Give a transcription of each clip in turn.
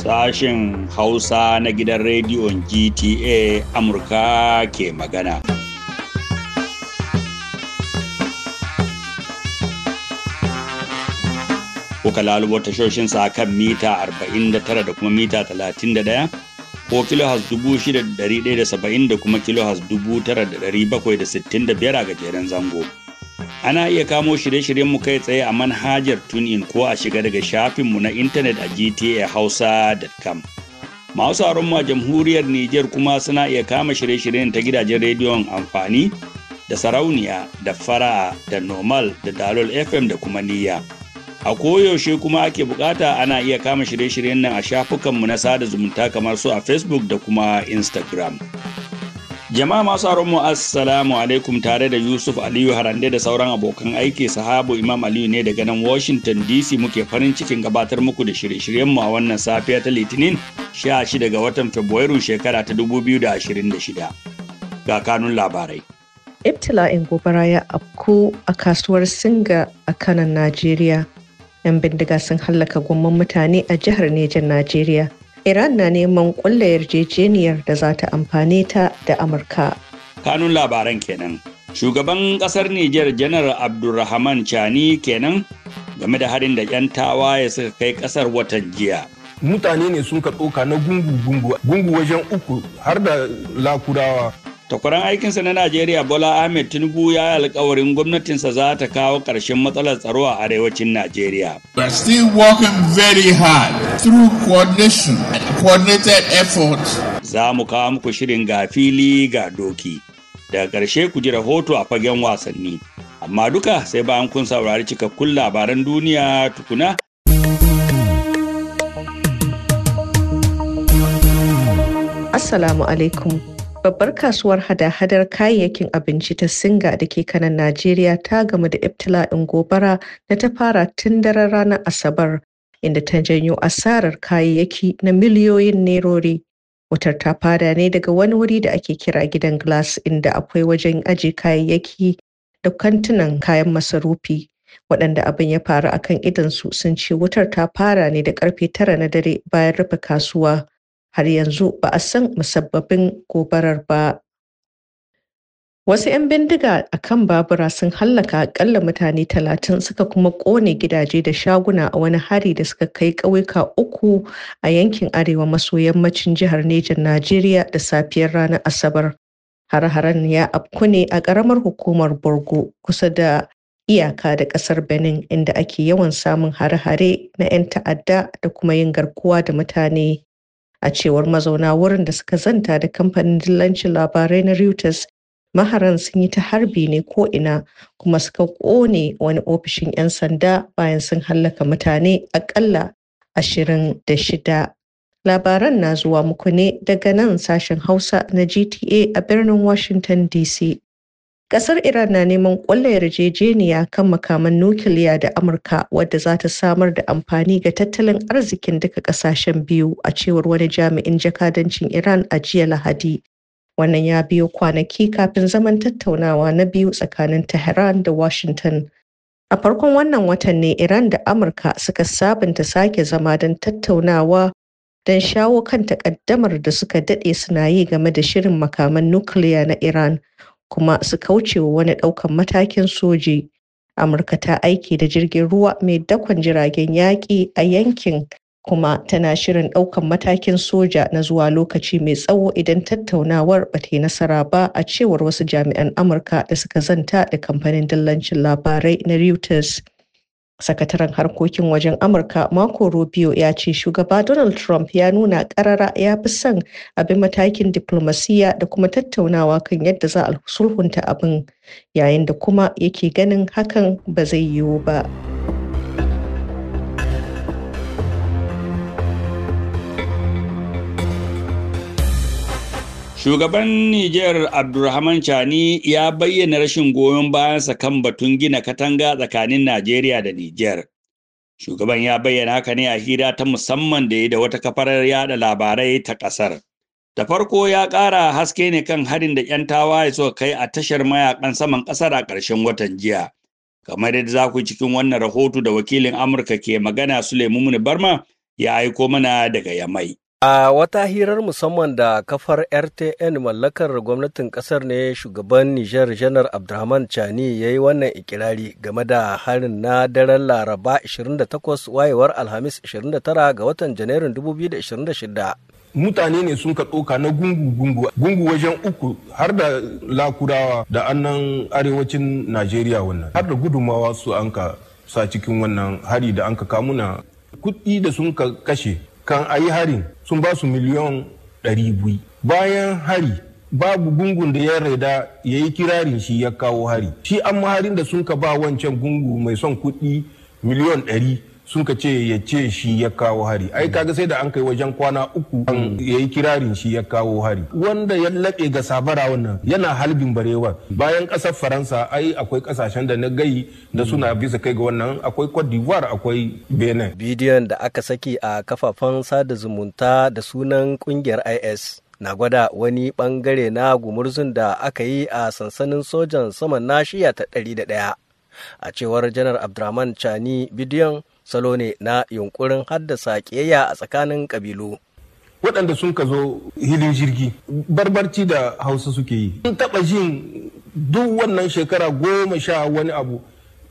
Sashen Hausa na gidan rediyon GTA Amurka ke magana. Kuka lalubo shoshin sa kan mita 49 da kuma mita 31 ko kilohas 6,170 da kuma kilohas 9,765 a gajeren zango. Ana iya kamo shirye-shiryenmu kai tsaye a manhajar TuneIn ko a shiga daga shafinmu na intanet a gtahausa.com. Masu mu a jamhuriyar Nijar kuma suna iya kama shirye-shiryen ta gidajen rediyon amfani da sarauniya da fara'a da normal da dalol FM da kuma niyya. A koyaushe kuma ake bukata ana iya kama shirye-shiryen nan a shafukanmu na sada zumunta kamar su a Facebook da kuma Instagram. Jama'a masu mu assalamu alaikum tare da Yusuf Aliyu Harande da sauran abokan aiki sahabu Imam Aliyu ne daga nan Washington DC muke farin cikin gabatar muku da shirye-shiryenmu a wannan safiya ta Litinin 16 ga watan Fabrairu shekara ta 2026. Ga kanun labarai. Ibtila'in gobara ya afko a kasuwar Singa a kanan Najeriya. 'Yan bindiga sun hallaka gomman mutane a jihar Nijar Najeriya. Iran na neman ƙulla yarjejeniyar da za ta amfane ta da Amurka. Kanun labaran kenan. Shugaban ƙasar Nijar Janar Abdulrahman Chani kenan game da harin da 'yan tawaye suka kai ƙasar watan jiya. Mutane ne sun ka tsoka na gungu-gungu, gungu wajen uku har da lakurawa. takwaran aikinsa na najeriya bola ahmed tinubu ya yi alkawarin gwamnatinsa za ta kawo ƙarshen matsalar tsaro a arewacin najeriya we are still working very hard through coordination and coordinated effort za mu kawo muku shirin ga fili ga doki daga ƙarshe ku ji rahoto a fagen wasanni amma duka sai bayan kun saurari cikakkun labaran duniya tukuna assalamu alaikum Babbar kasuwar hada-hadar kayayyakin abinci ta Singa da ke kanan Najeriya ta gamu da ibtila'in gobara da ta fara tun daren ranar Asabar, inda ta janyo asarar kayayyaki na miliyoyin nerori. Wutar ta fada ne daga wani wuri da ake kira gidan glass inda akwai wajen aji kayayyaki da kantunan kayan masarufi. Waɗanda abin ya faru a kan idonsu sun ce wutar ta fara ne da ƙarfe tara na dare bayan rufe kasuwa. har yanzu ba a san musabbabin gobarar ba. Wasu 'yan bindiga a kan babura sun hallaka akalla mutane talatin suka kuma ƙone gidaje da shaguna a wani hari da suka kai ƙauyuka uku a yankin arewa maso yammacin jihar Nejan Najeriya da safiyar ranar Asabar. Har-haren ya afku ne a ƙaramar hukumar Borgo kusa da iyaka da ƙasar Benin inda ake yawan samun hare-hare na 'yan ta'adda da kuma yin garkuwa da mutane. a cewar mazauna wurin da suka zanta da kamfanin dillancin labarai na reuters maharan sun yi ta harbi ne ko'ina kuma suka ƙone wani ofishin 'yan sanda bayan sun hallaka mutane aƙalla ashirin da shida labaran na zuwa muku ne daga nan sashen hausa na gta a birnin washington dc Kasar Iran na neman ƙulla yarjejeniya kan makaman nukiliya da Amurka wadda za ta samar da amfani ga tattalin arzikin duka ƙasashen biyu a cewar wani jami'in jakadancin Iran a jiya Lahadi. Wannan ya biyo kwanaki kafin zaman tattaunawa na biyu tsakanin Tehran da Washington. A farkon wannan watan ne Iran da Amurka suka sabunta sake zama don tattaunawa don shawo kan takaddamar da suka daɗe suna yi game da shirin makaman nukiliya na Iran kuma su kauce wa wani ɗaukan matakin soji. Amurka ta aiki da jirgin ruwa mai dakon jiragen yaƙi a yankin kuma tana shirin ɗaukan matakin soja na zuwa lokaci mai tsawo idan tattaunawar ba ta yi nasara ba a cewar wasu jami'an Amurka da suka zanta da kamfanin dillancin labarai na Reuters. sakataren harkokin wajen amurka marco rubio ya ce shugaba donald trump ya nuna karara ya fi son abin matakin diplomasiya da kuma tattaunawa kan yadda za a sulhunta abin yayin da kuma yake ganin hakan ba zai yiwu ba. Shugaban Nijar Abdulrahman Chani ya bayyana rashin goyon bayansa kan batun gina katanga tsakanin Najeriya da Nijar. Shugaban ya bayyana haka ne a hira ta musamman da ya da wata kafar yada labarai ta ƙasar. Da farko ya ƙara haske ne kan harin da 'yan tawaye suka kai a tashar mayakan saman ƙasar a ƙarshen watan jiya. Kamar yadda za ku cikin wannan rahoto da wakilin Amurka ke magana Suleiman Barma ya aiko mana daga Yamai. A wata hirar musamman da kafar RTN mallakar gwamnatin kasar ne shugaban Nijar Janar Abdurrahman Chani ya yi wannan ikirari game da harin na daren Laraba 28 wayewar Alhamis 29 ga watan Janairun 2026. Mutane ne sun ka tsoka na gungu-gungu, gungu wajen uku har da lakurawa da annan arewacin Najeriya wannan, har da gudumawa su an ka sa cikin wannan hari da an ka kamuna kuɗi da sun ka kashe kan a yi harin sun ba su miliyon biyu bayan hari babu gungun da ya raida ya yi kirarin shi ya kawo hari shi an harin da sun ka ba wancan gungu mai son kuɗi miliyon ɗari sun ka ce ya ce shi ya kawo hari ai kaga sai da an kai wajen kwana uku ya yi kirarin shi ya kawo hari wanda ya laɓe ga sabara wannan yana halbin barewa bayan ƙasar faransa ai akwai ƙasashen da na gai da suna bisa kai ga wannan akwai cote d'ivoire akwai benin bidiyon da aka saki a kafafen sada zumunta da sunan kungiyar is na gwada wani bangare na gumurzun da aka yi a sansanin sojan saman nashiya ta 101 a cewar janar abdurrahman chani bidiyon salo ne na yunkurin haddasa ƙiyayya a tsakanin ƙabilu. waɗanda sun ka zo hilin jirgi barbarci da hausa suke yi an taɓa jin duk wannan shekara goma sha wani abu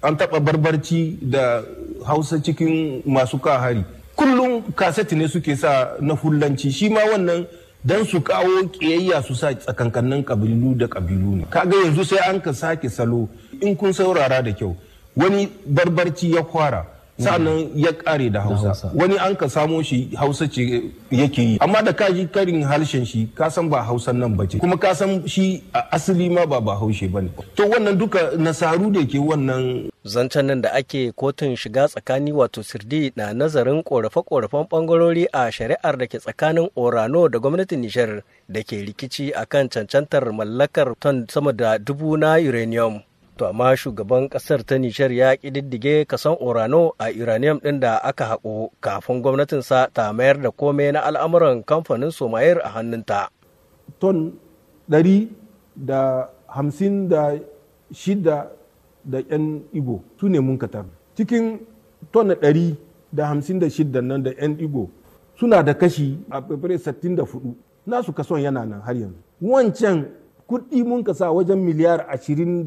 an taɓa barbarci da hausa cikin masu kahari kullum kaseti ne suke sa na fullanci shi ma wannan don su kawo ƙiyayya su sa tsakankanin ƙabilu da ƙabilu ne kaga yanzu sai an ka sake salo in kun saurara da kyau wani barbarci ya kwara sa'annan ya kare da hausa wani an ka samo shi hausa ce yake yi amma da kaji karin harshen shi ka san ba hausan nan ba ce kuma ka shi a asali ma ba ba haushe ba ne to wannan duka nasaru da ke wannan zancen nan da ake kotun shiga tsakani wato sirdi na nazarin korafe-korafen bangarori a shari'ar da ke tsakanin orano da gwamnatin nijar da ke rikici akan cancantar mallakar ton sama da dubu na uranium To amma shugaban kasar ta Nishar ya ƙididdige kasan Orano a uranium ɗin da aka haƙo kafin gwamnatinsa ta mayar da komai na al'amuran kamfanin Somayir a hannunta. Ton ɗari da hamsin da shida da 'yan Igbo su ne mun katar. Cikin ton ɗari da hamsin da shida nan da 'yan Igbo suna da kashi a 64 nasu kason yana nan har yanzu. Wancan kuɗi mun ka wajen miliyar 24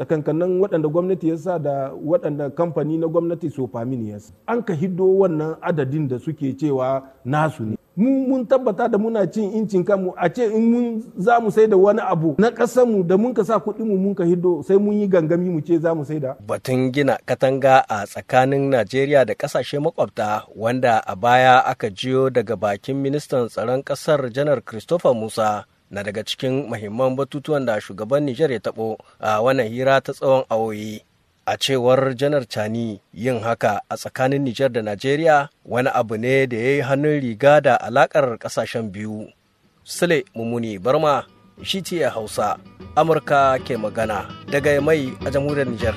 tsakankanin waɗanda gwamnati ya sa da waɗanda kamfani na gwamnati sofamin ya sa an ka hiddo wannan adadin da suke cewa nasu ne mu mun tabbata da muna cin incin kanmu a ce in mun za mu sai da wani abu na mu da mun ka sa mu mun ka hiddo sai mun yi gangami mu ce za mu sai da. Batun gina katanga a tsakanin Najeriya da ƙasashe makwabta wanda a baya aka jiyo daga bakin ministan tsaron ƙasar janar Christopher Musa na daga cikin mahimman batutuwan da shugaban Nijar ya taɓo a wannan hira ta tsawon awoyi. A cewar Janar Chani yin haka a tsakanin Nijar da Najeriya wani abu ne da ya yi hannun riga da alaƙar ƙasashen biyu. Sule Mumuni Barma shi Hausa, Amurka ke magana daga mai a jamhuriyar Nijar.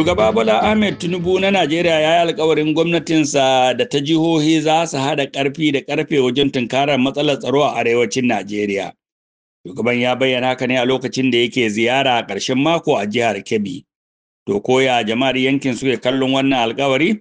Shugaba Bola Ahmed Tinubu na Najeriya ya yi alkawarin gwamnatinsa da ta jihohi za su haɗa ƙarfi da ƙarfe wajen tunkarar matsalar tsaro a arewacin Najeriya. Shugaban ya bayyana haka ne a lokacin da yake ziyara a ƙarshen mako a jihar Kebbi. To koya jama'ar yankin suke kallon wannan alkawari?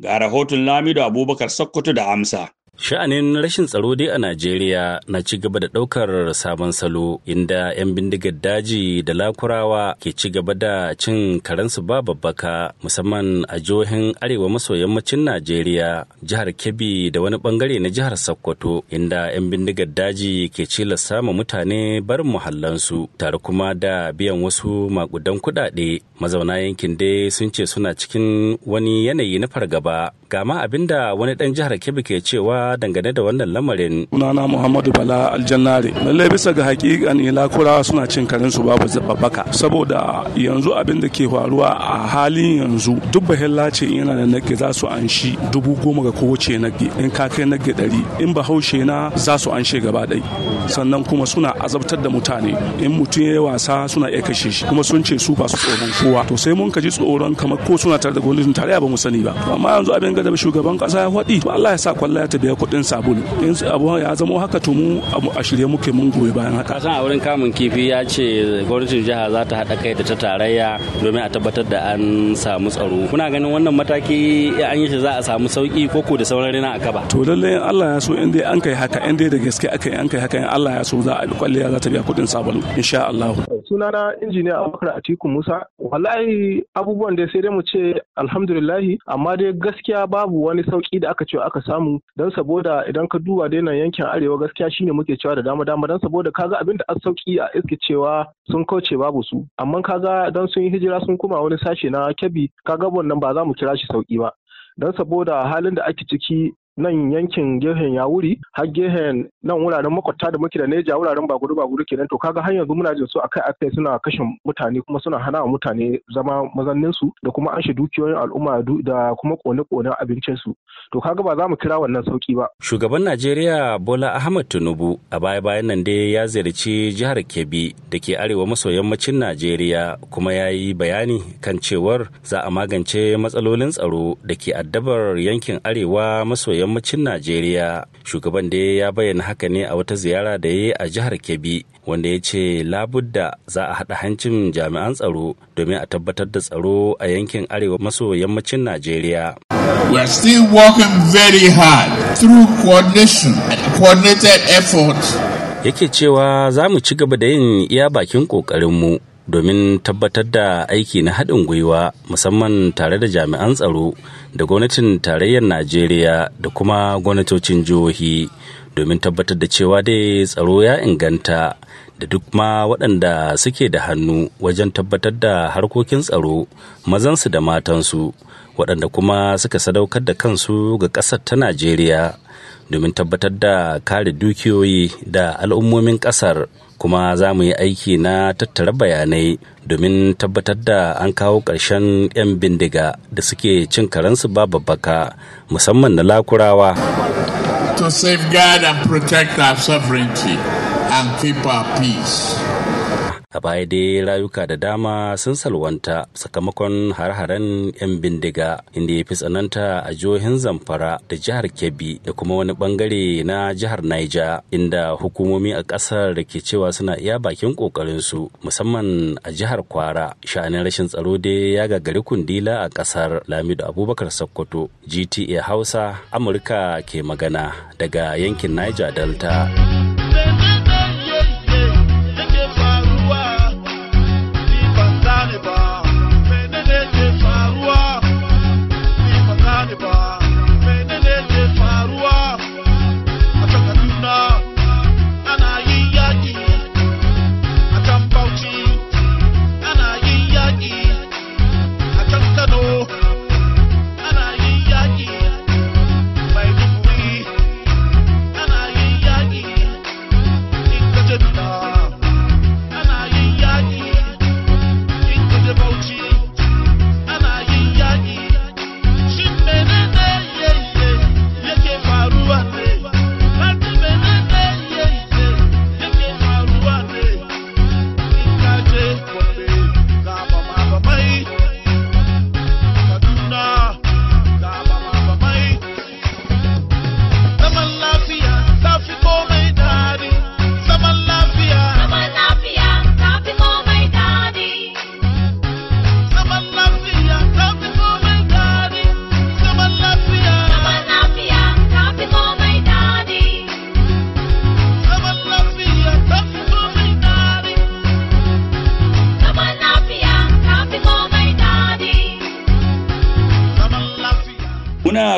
Ga rahoton Lamido Abubakar Sokoto da Amsa. Sha'anin rashin tsaro dai a Najeriya na ci gaba da ɗaukar sabon salo inda 'yan bindigar daji da lakurawa ke ci gaba da cin karensu ba babbaka musamman a jihohin arewa maso yammacin Najeriya, jihar Kebbi da wani bangare na jihar Sokoto inda 'yan bindigar daji ke cilasta ma mutane barin muhallansu tare kuma da biyan wasu makudan kuɗaɗe mazauna yankin dai sun ce suna cikin wani yanayi na fargaba ga ma abinda wani dan jihar Kebbi ke cewa dangane da wannan lamarin. Sunana Muhammadu Bala Aljannare. Lallai bisa ga hakikan ilakurawa suna cin karin su babu zababbaka saboda yanzu abin da ke faruwa a halin yanzu duk bahilla ce yana da nake za su anshi dubu goma ga kowace nage in ka kai nage ɗari in bahaushe na za su anshe gaba ɗai sannan kuma suna azabtar da mutane in mutum ya yi wasa suna iya kashe shi kuma sun ce su ba su tsoron kowa to sai mun kaji tsoron kamar ko suna tare da gwamnatin tare ba mu sani ba amma yanzu abin ga da shugaban kasa ya faɗi to Allah ya sa kwalla ya ta biya kuɗin sabulu in abu ya zama haka to mu a shirye muke mun goyi bayan haka kasan a wurin kamun kifi ya ce gwamnatin jiha za ta haɗa kai da ta tarayya domin a tabbatar da an samu tsaro kuna ganin wannan mataki an yi shi za a samu sauki ko ko da sauran rina a ba to lalle Allah ya so in dai an kai haka in dai da gaske aka yi an kai haka in Allah ya so za a kwalliya za ta biya kuɗin sabulu insha Allah sunana injiniya a abubakar atiku musa wallahi abubuwan da sai dai mu ce alhamdulillahi amma dai gaskiya babu wani sauki da aka ce aka samu don saboda idan ka duba dai nan yankin arewa gaskiya shine muke cewa da dama dama don saboda kaga abin da sauki a iske cewa sun kauce babu su amma kaga don sun yi hijira sun kuma wani sashe na kebbi kaga wannan ba za mu kira shi sauki ba don saboda halin da ake ciki nan yankin gehen wuri har gehen nan wuraren makwabta da muke da neja wuraren bagudu bagudu kenan to kaga har yanzu muna jin su akai akai suna kashe mutane kuma suna hana mutane zama mazannin su da kuma an shi dukiyoyin al'umma da kuma kone kone abincin su to kaga ba za mu kira wannan sauki ba shugaban Najeriya Bola Ahmed Tinubu a baya bayan nan dai ya ziyarci jihar Kebbi da ke arewa maso yammacin Najeriya kuma ya yi bayani kan cewar za a magance matsalolin tsaro da ke addabar yankin arewa maso yammacin yammacin Najeriya. Shugaban da ya bayyana haka ne a wata ziyara da ya yi a jihar Kebbi wanda ya ce labudda za a haɗa hancin jami'an tsaro domin a tabbatar da tsaro a yankin arewa maso yammacin Najeriya. We are still working very hard through coordination and coordinated efforts. Yake cewa za mu ci gaba da yin iya bakin ƙoƙarinmu domin tabbatar da aiki na haɗin gwiwa musamman tare da jami'an tsaro da gwamnatin tarayyar najeriya da kuma gwamnatocin jihohi domin tabbatar da cewa dai tsaro ya inganta da duk ma waɗanda suke da hannu wajen tabbatar da harkokin tsaro mazansu da matansu waɗanda kuma suka sadaukar da kansu ga ƙasar ta najeriya domin tabbatar da kare dukiyoyi da al'ummomin ƙasar kuma za mu yi aiki na tattara bayanai domin tabbatar da an kawo ƙarshen 'yan bindiga da suke cin karensu ba babbaka musamman na lakurawa to safeguard and protect our sovereignty and keep our peace A baya dai rayuka da dama sun salwanta sakamakon har-haren 'yan bindiga inda ya fi tsananta a jihohin Zamfara da jihar Kebbi da kuma wani bangare na jihar Niger inda hukumomi a ƙasar da ke cewa suna iya bakin ƙoƙarinsu musamman a jihar Kwara. Sha'anin rashin tsaro dai ya gagari kundila a ƙasar Lamidu Abubakar Sokoto GTA Hausa Amurka ke magana daga yankin Niger Delta.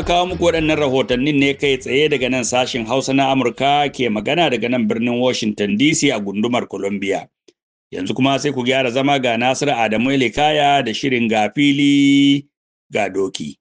kawo muku waɗannan rahotannin ne kai tsaye daga nan sashen Hausa na Amurka ke magana daga nan birnin Washington DC a gundumar Columbia. Yanzu kuma sai ku gyara zama ga Nasiru Adamu Elikaya da shirin ga fili ga doki.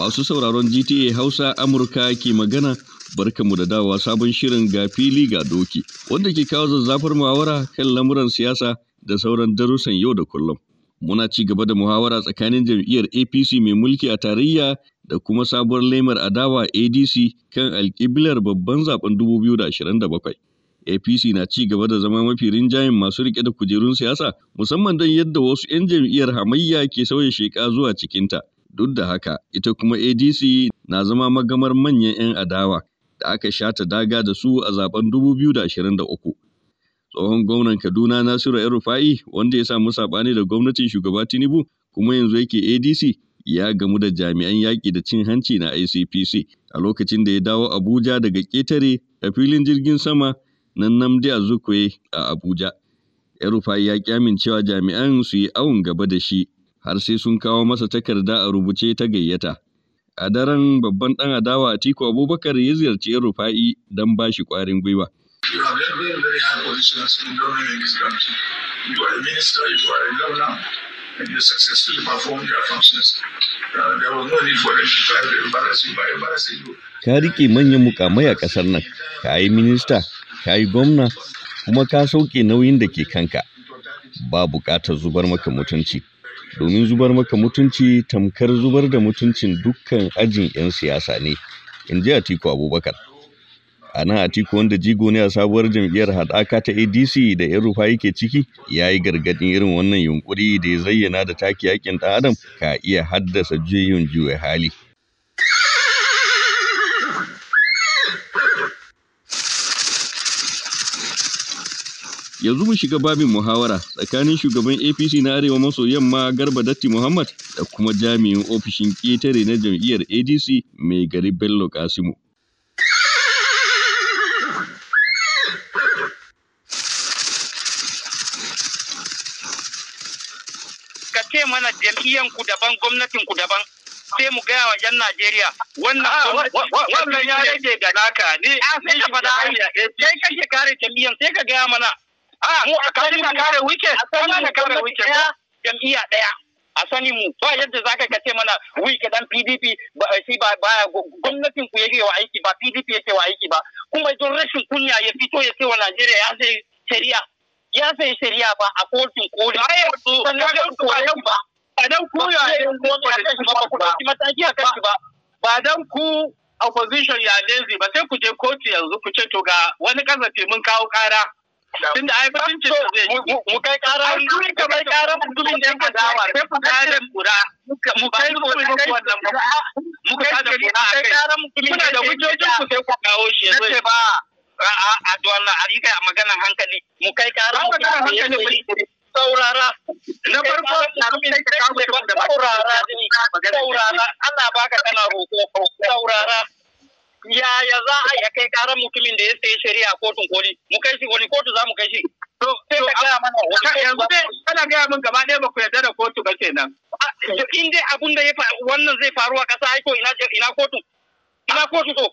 Masu sauraron GTA Hausa Amurka ke magana barkamu da dawa sabon shirin ga fili ga doki wanda ke kawo zazzafar mawara kan lamuran siyasa da sauran darussan yau da kullum. Muna ci gaba da muhawara tsakanin jam'iyyar APC mai mulki a tarayya da kuma sabuwar laimar adawa ADC kan alƙiblar babban zaben 2027. APC na ci gaba da zama mafi rinjayen masu rike da kujerun siyasa musamman don yadda wasu 'yan jam'iyyar hamayya ke sauya sheka zuwa cikinta. Duk da haka, ita kuma ADC na zama magamar manyan 'yan adawa da aka shata daga da su a zaben 2023. tsohon gwamnan Kaduna Nasiru yar Rufa'i wanda ya samu saɓani da gwamnatin shugaba Tinubu kuma yanzu yake ADC ya gamu da jami'an yaƙi da cin hanci na ICPC a lokacin da ya dawo Abuja daga ƙetare a filin jirgin sama na Namdi Azukwe a Abuja. yar Rufa'i ya cewa jami'an su yi awon gaba da shi har sai sun kawo masa takarda a rubuce ta gayyata. A daren babban ɗan adawa Atiku Abubakar ya ziyarci yar Rufa'i don ba shi ƙwarin gwiwa. You have held very, very high positions in government in this country. You are a minister, you are a governor, and you successfully perform your functions. Uh, there was no need for them to try to embarrass you by embarrassing you. Ka rike manyan mukamai a kasar nan, ka yi minista, ka yi gwamna, kuma ka sauke nauyin da ke kanka. Ba bukatar zubar maka mutunci. Domin zubar maka mutunci tamkar zubar da mutuncin dukkan ajin 'yan siyasa ne, in ji Atiku Abubakar. a nan atiku wanda jigo ne a sabuwar jam'iyyar haɗaka ta adc da yan rufa yake ciki ya yi gargaɗin irin wannan yunkuri da ya zayyana da taki yakin ɗan adam ka iya haddasa juyin juya hali yanzu mu shiga babin muhawara tsakanin shugaban apc na arewa maso yamma garba datti muhammad da kuma jami'in ofishin ƙetare na jam'iyyar adc mai gari bello kasimu ce mana jam'iyyan ku daban gwamnatin ku daban sai mu gaya wa 'yan Najeriya wannan ah, wannan ya rage da naka ne ah, sai ka fada sai ka kake kare jam'iyyan sai ka gaya mana a ah, mu a kare ka kare wike kana ka kare wike jam'iyya daya a sani mu ba yadda zaka ka ce mana wike dan PDP ba shi ba gwamnatin ku yake wa aiki ba PDP yake wa aiki ba kuma don rashin kunya ya fito ya ce wa Najeriya ya sai shari'a ya sai shari'a ba a kotun koli sannan koyon ba a dan ku ya ne ba a kashi ba ba dan ku opposition ya lezi ba sai ku je kotu yanzu ku ce to ga wani kasafi mun kawo kara tun da aibacin ce zai yi mu kai kara kara mu kai kara kai kara mu kai kara mu kai kara mu kai mu kai kai kara mu kai kara kai da yanka mu kuna da hujjojin ku sai ku kawo mu kai ba A'a, a duwanna a riga a maganan hankali mu kai ƙara mu kai hankali saurara na farko na kai ka kawo da saurara saurara ana baka kana roƙo, saurara yaya za a ya kai karan mutumin da ya sayi shari'a kotun koli mu kai shi wani kotu za mu kai shi to sai ka gaya mana yanzu dai kana gaya min gaba ɗaya ba ku yarda da kotu ba kenan in dai abun da ya wannan zai faru a ƙasa aiko ina kotu? ina kotu to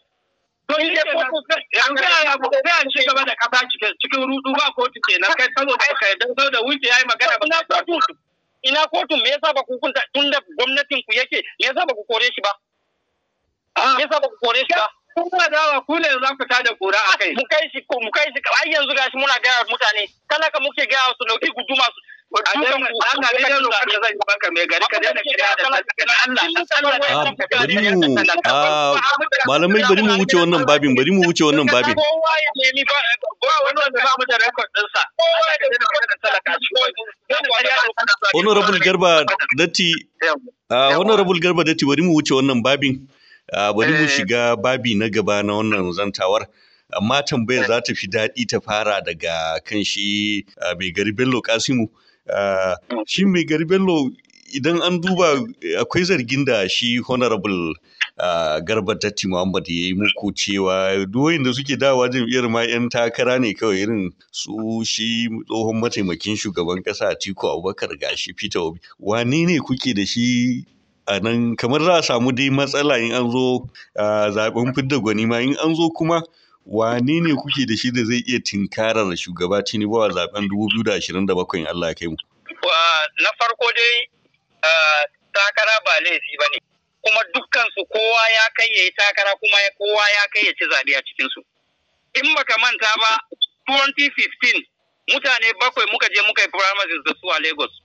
To in dai kotu an ga ya bu sai an shiga da kasa cikin rudu ba kotu kenan kai saboda kai, yarda da wuce yayi magana ba. Na ina kotun me yasa ba ku hukunta tunda gwamnatin ku yake me yasa ba ku kore shi ba ah. me yasa ba ku kore shi ba kun ba dawa ku ne za ku tada kura a kai mu kai shi mu kai shi ai yanzu gashi muna gaya mutane talaka muke gaya su dauki guduma su malamai bari mu wuce wannan babin bari mu wuce wannan babin honorable garba datti honorable garba datti bari mu wuce wannan babin bari mu shiga babi na gaba na wannan zantawar amma tambayar za ta fi daɗi ta fara daga kan shi mai gari bello kasimu Ah, shi mai gari bello idan an duba akwai zargin da shi honorable ah, garba tatti muhammad ya yi muku cewa duwayin da suke dawa jam'iyyar ma 'yan takara ne kawai irin su shi tsohon mataimakin shugaban kasa a tiku abubakar gashi peter obi wane ne kuke da shi a nan kamar za a samu dai matsala in an zo ah, zaben fidda gwani ma in an zo kuma wane ne kuke da shi da zai iya tinkarar shugaba Tinubu a zaben 2027 in Allah ya kai mu? Na farko dai takara ba laifi ba ne, kuma dukkansu kowa ya kai ya yi takara kuma kowa ya kai ya ci zaɓe a cikinsu. In baka manta ba, 2015 mutane bakwai muka je muka yi primaries da su a Lagos.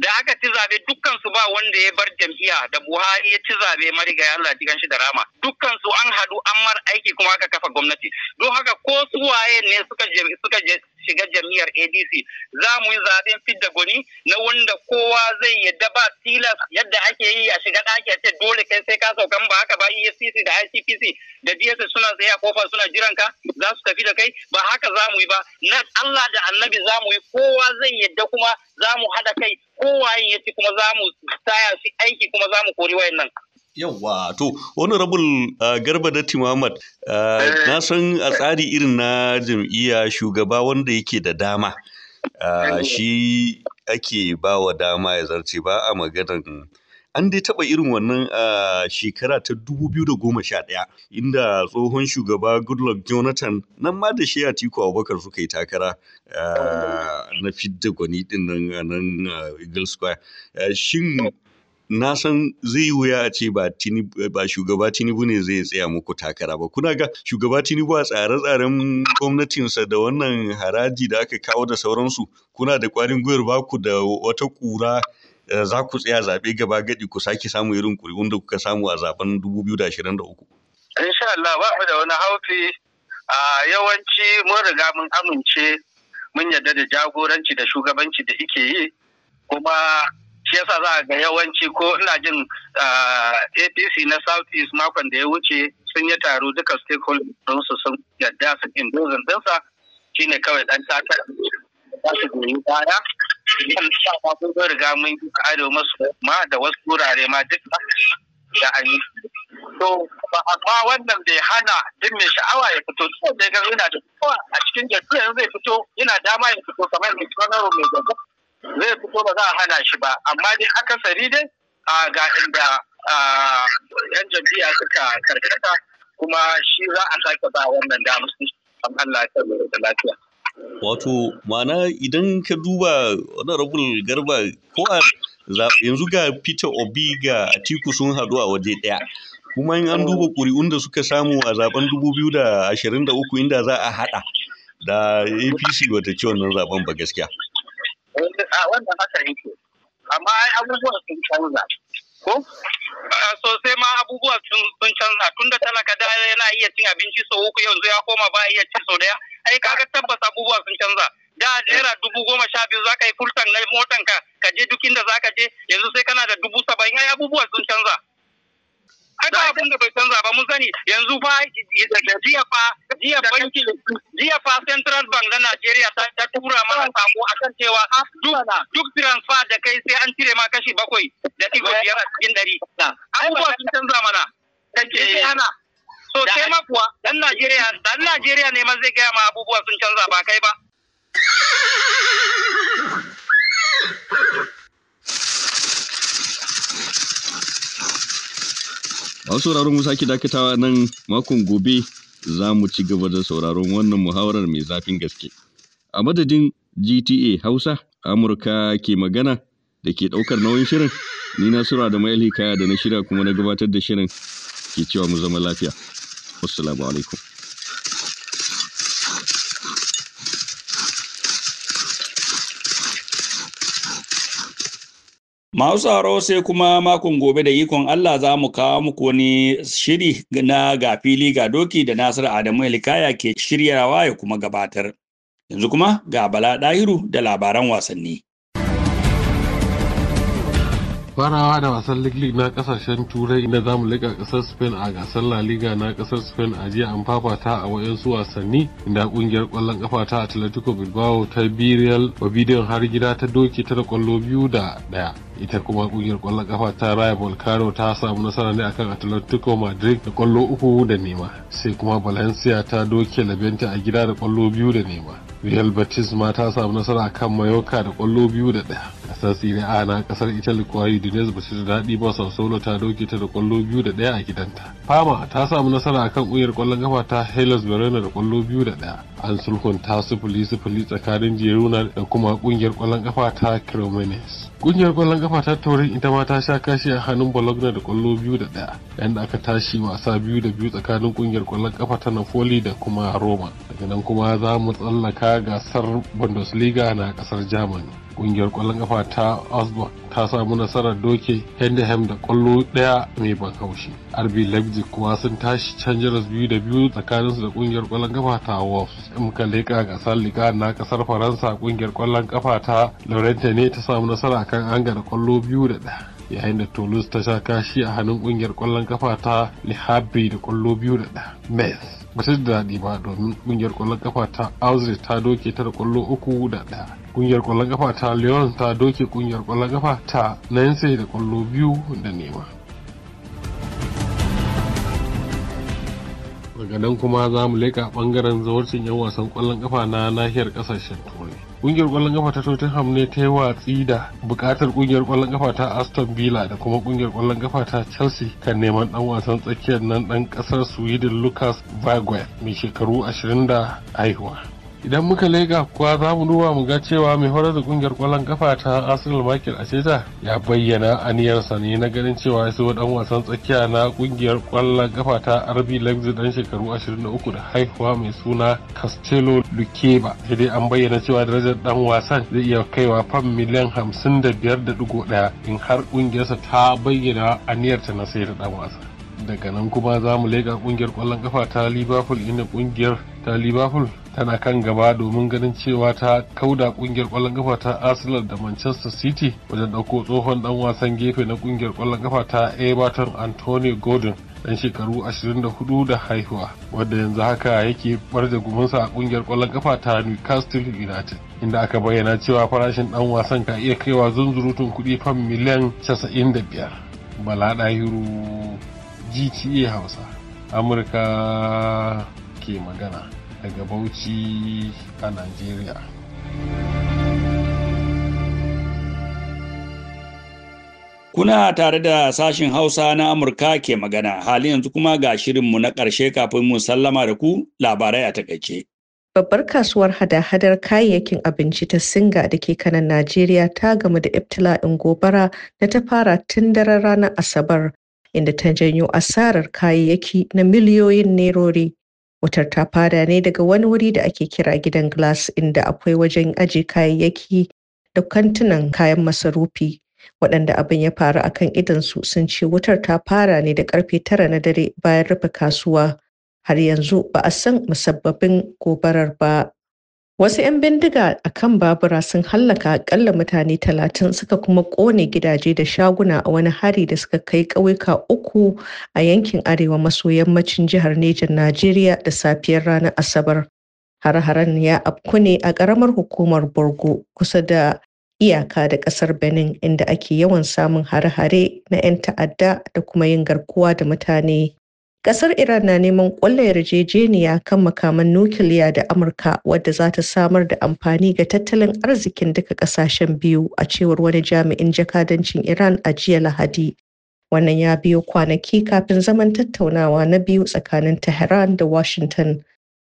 da aka ci zabe dukkan su ba wanda ya bar jam'iyya da Buhari ya ci zabe mariga ya Allah shi da rama dukkan su an hadu an mar aiki kuma aka kafa gwamnati don haka ko su waye ne suka suka shiga jam'iyyar ADC za mu yi zaɓen fidda gwani na wanda kowa zai yadda ba tilas yadda ake yi a shiga ɗaki a ce dole kai sai ka saukan ba haka ba EFCC da ICPC da DSS suna tsaye a kofar suna jiran ka za su tafi da kai ba haka za mu yi ba na Allah da Annabi za mu yi kowa zai yadda kuma za mu haɗa kai kowa ya ci kuma za mu taya shi aiki kuma za mu kori wayannan. Yawwa to honorable uh, Garba da timamat uh, eh. na san a tsari irin na jam'iyya shugaba wanda yake da dama uh, eh. shi ake ba wa dama ya zarce ba a maganan an dai taɓa irin wannan a shekara ta sha 2011 inda tsohon shugaba goodluck jonathan nan ma da shi a tiku abubakar suka yi takara na fidda gwani din nan a nan eagle square shin na san zai yi wuya a ce ba ba shugaba Tinubu ne zai tsaya muku takara ba kuna ga shugaba Tinubu a tsare-tsaren gwamnatinsa da wannan haraji da aka kawo da sauransu kuna da kwarin gwiwar ba ku da wata kura eh, za ku tsaya zaɓe gaba gadi ku sake samu irin kuri'un da kuka samu a zaben 2023 insha Allah ba mu da wani haufi a yawanci mun riga mun amince mun yarda da jagoranci da shugabanci da ike yi kuma shi yasa za ga yawanci ko ina jin apc na south east makon da ya wuce sun yi taro duka stakeholders su sun yadda su indozin dinsa shine kawai dan tata za su goyi baya idan sa ba mun riga mun yi ado masu ma da wasu wurare ma duk da an yi to amma wannan bai hana duk mai sha'awa ya fito to da ga yana da kowa a cikin jaddu yanzu zai fito yana dama ya fito kamar mai tsanaro mai gaba zai fito ba za a hana shi ba amma dai akasari dai ga inda yan jam'iyya suka karkata kuma shi za a sake ba wannan damar Allah ya da lafiya. Wato ma'ana idan ka duba rabul garba ko a yanzu ga Peter Obi ga Atiku sun haɗu a waje ɗaya. Kuma in an duba ƙuri'un da suka samu a zaben 2023 inda za a haɗa da APC wata ciwon wannan zaben ba gaskiya. Eh, wannan haka yake. Amma ai abubuwa sun canza. Ko? Sosai ma abubuwa sun canza tunda talaka da yana iya cin abinci sau uku yanzu ya koma ba iya ci sau daya. Ai kaga tabbas abubuwa sun canza. da naira dubu goma sha biyu za ka yi fultan na motanka ka je duk inda za ka je yanzu sai kana da dubu saba'in ai abubuwa sun canza. Ai ba abin da bai canza ba mun sani yanzu fa jiya fa jiya banki jiya fa Central Bank na Najeriya ta tura mana samu akan cewa ah, duk transfer da kai sai an cire ma kashi bakwai da ɗigo biyar a cikin ɗari. Abubuwa sun canza mana. Kake eh. ana. So sai ma kuwa dan Najeriya dan Najeriya ne ma zai gaya ma abubuwa sun canza ba kai ba. masu sauraron mu sake dakatawa nan makon gobe za mu ci gaba da sauraron wannan muhawarar mai zafin gaske a madadin gta hausa amurka ke magana da ke ɗaukar nauyin shirin ni na sura da mai kaya da na shirya kuma na gabatar da shirin ke cewa mu zama lafiya wassalamu alaikum Masu tsaro sai kuma makon gobe da ikon Allah za mu kawo muku wani shiri na ga fili ga doki da Nasir Adamu Elikaya ke shiryawa ya kuma gabatar. Yanzu kuma ga Bala Ɗahiru da labaran wasanni. farawa da wasan league na kasashen turai inda zamu lika kasar spain a gasar la liga na kasar spain a jiya an fafata a wayansu wasanni inda kungiyar kwallon kafa ta atletico bilbao ta birial bidiyon har gida ta doke ta da kwallo biyu da daya ita kuma kungiyar kwallon kafa ta raya volcano ta samu nasara ne akan atlantico madrid da kwallo uku da nema sai kuma valencia ta doke labenta a gida da kwallo biyu da nema real betis ma ta samu nasara akan mayoka da kwallo biyu da daya a sassire a na kasar italy kuwa Udinez ba su da daɗi ba sassolo ta doke ta da kwallo biyu da daya a gidanta fama ta samu nasara akan kungiyar kwallon kafa ta hellas verona da kwallo biyu da daya an sulhunta sifili sifili tsakanin jeruna da kuma kungiyar kwallon kafa ta cremones kungiyar kwallon kafa ta taurin ita ma ta sha kashi a hannun bologna da kwallo biyu da daya yadda aka tashi wasa biyu da biyu tsakanin kungiyar kwallon kafa ta napoli da kuma roma daga nan kuma za mu tsallaka gasar bundesliga na kasar germany kungiyar kwallon kafa ta osborne ta samu nasarar doke hendaham da kwallo daya mai ban haushi rb leipzig kuwa sun tashi canjaras biyu da biyu tsakanin su da kungiyar kwallon kafa ta wolves muka leka gasar liga na kasar faransa kungiyar kwallon kafa ta laurenta ne ta samu nasara kan anga da kwallo biyu da daya yayin da toulouse ta sha kashi a hannun kungiyar kwallon kafa ta le da kwallo biyu da daya ba da daɗi ba domin ƙungiyar ƙwallon kafa ta Auxerre ta doke ta da ƙwallo uku da ɗaya. Ƙungiyar ƙwallon kafa ta leon ta doke ƙungiyar ƙwallon kafa ta sai da ƙwallo biyu da nema. daga nan kuma za mu leƙa ɓangaren zawarcin 'yan wasan ƙwallon kafa na nahiyar ƙasashen turai kungiyar kwallon kafa ta Tottenham ne ta yi watsi da bukatar kungiyar kwallon kafa ta Aston Villa da kuma kungiyar kwallon kafa ta Chelsea kan neman dan wasan tsakiyar nan dan kasar Sweden Lucas vaguer mai shekaru 20 da haihuwa. idan muka lega kuwa za mu duba mu ga cewa mai horar da kungiyar kwallon kafa ta arsenal michael aceta ya bayyana aniyarsa ne na ganin cewa ya siyo dan wasan tsakiya na kungiyar kwallon kafa ta rb leipzig dan shekaru 23 da haihuwa mai suna castello lukeba sai dai an bayyana cewa darajar dan wasan zai iya kaiwa fam miliyan 55.1 in har kungiyarsa ta bayyana aniyarta na sayar da dan wasan daga nan kuma za mu lega kungiyar kwallon kafa ta liverpool inda kungiyar ta liverpool tana kan gaba domin ganin cewa ta kauda kungiyar kwallon kafa ta Arsenal da Manchester City wajen ɗauko tsohon dan wasan gefe na kungiyar kwallon kafa ta Everton Anthony Gordon dan shekaru 24 da haihuwa wadda yanzu haka yake barje gumunsa a kungiyar kwallon kafa ta Newcastle United inda aka bayyana cewa farashin dan wasan ka iya kaiwa zunzurutun kuɗi fam miliyan 95 bala dahiru GTA Hausa Amurka ke magana daga Bauchi a Najeriya. Kuna tare da sashin Hausa na Amurka ke magana, hali yanzu kuma ga shirinmu na ƙarshe kafin mu sallama da ku labarai a takaice. Babbar kasuwar hada-hadar kayayyakin abinci ta Singa da ke kanan Najeriya ta gamu da ibtila'in gobara da ta fara tun daren ranar Asabar, inda ta janyo asarar kayayyaki na miliyoyin nerori. Wutar ta fara ne daga wani wuri da ake kira gidan glass inda akwai wajen aje kayayyaki da kantunan kayan masarufi. Waɗanda abin ya faru akan kan idonsu sun ce wutar ta fara ne da ƙarfe tara na dare bayan rufe kasuwa. Har yanzu ba a san musabbabin gobarar ba. Wasu 'yan bindiga a kan babura sun hallaka akalla mutane talatin suka kuma kone gidaje da shaguna a wani hari da suka kai ƙauyuka uku a yankin arewa maso yammacin jihar Nejan Najeriya da safiyar ranar Asabar. Har-haren ya afku ne a ƙaramar hukumar Borgo kusa da iyaka da ƙasar Benin inda ake yawan samun hare-hare na 'yan ta'adda da kuma yin garkuwa da mutane. Kasar Iran na neman ƙulla yarjejeniya kan makaman nukiliya da Amurka wadda za ta samar da amfani ga tattalin arzikin duka ƙasashen biyu a cewar wani jami'in jakadancin Iran a jiya Lahadi. Wannan ya biyo kwanaki kafin zaman tattaunawa na biyu tsakanin Tehran da Washington.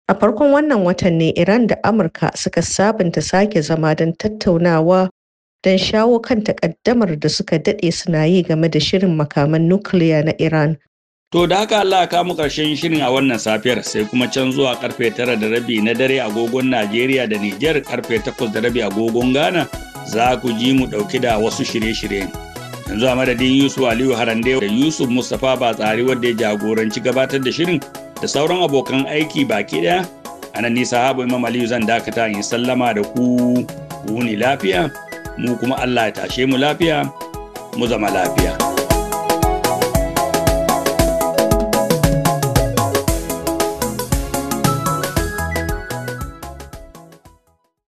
A farkon wannan watan ne Iran da Amurka suka sabunta sake zama don tattaunawa don shawo kan takaddamar da suka daɗe suna yi game da shirin makaman nukiliya na Iran To da haka Allah ka mu karshen shirin a wannan safiyar sai kuma can zuwa karfe tara da rabi na dare agogon Najeriya da Nijar karfe takwas da rabi agogon Ghana za ku ji mu ɗauki da wasu shirye shirye Yanzu a madadin Yusuf Aliyu Harande da Yusuf Mustapha Batsari wanda ya jagoranci gabatar da shirin da sauran abokan aiki baki ɗaya. A nan nisa habu Imam Aliyu zan dakata in sallama da ku ku ni lafiya mu kuma Allah ya tashe mu lafiya mu zama lafiya.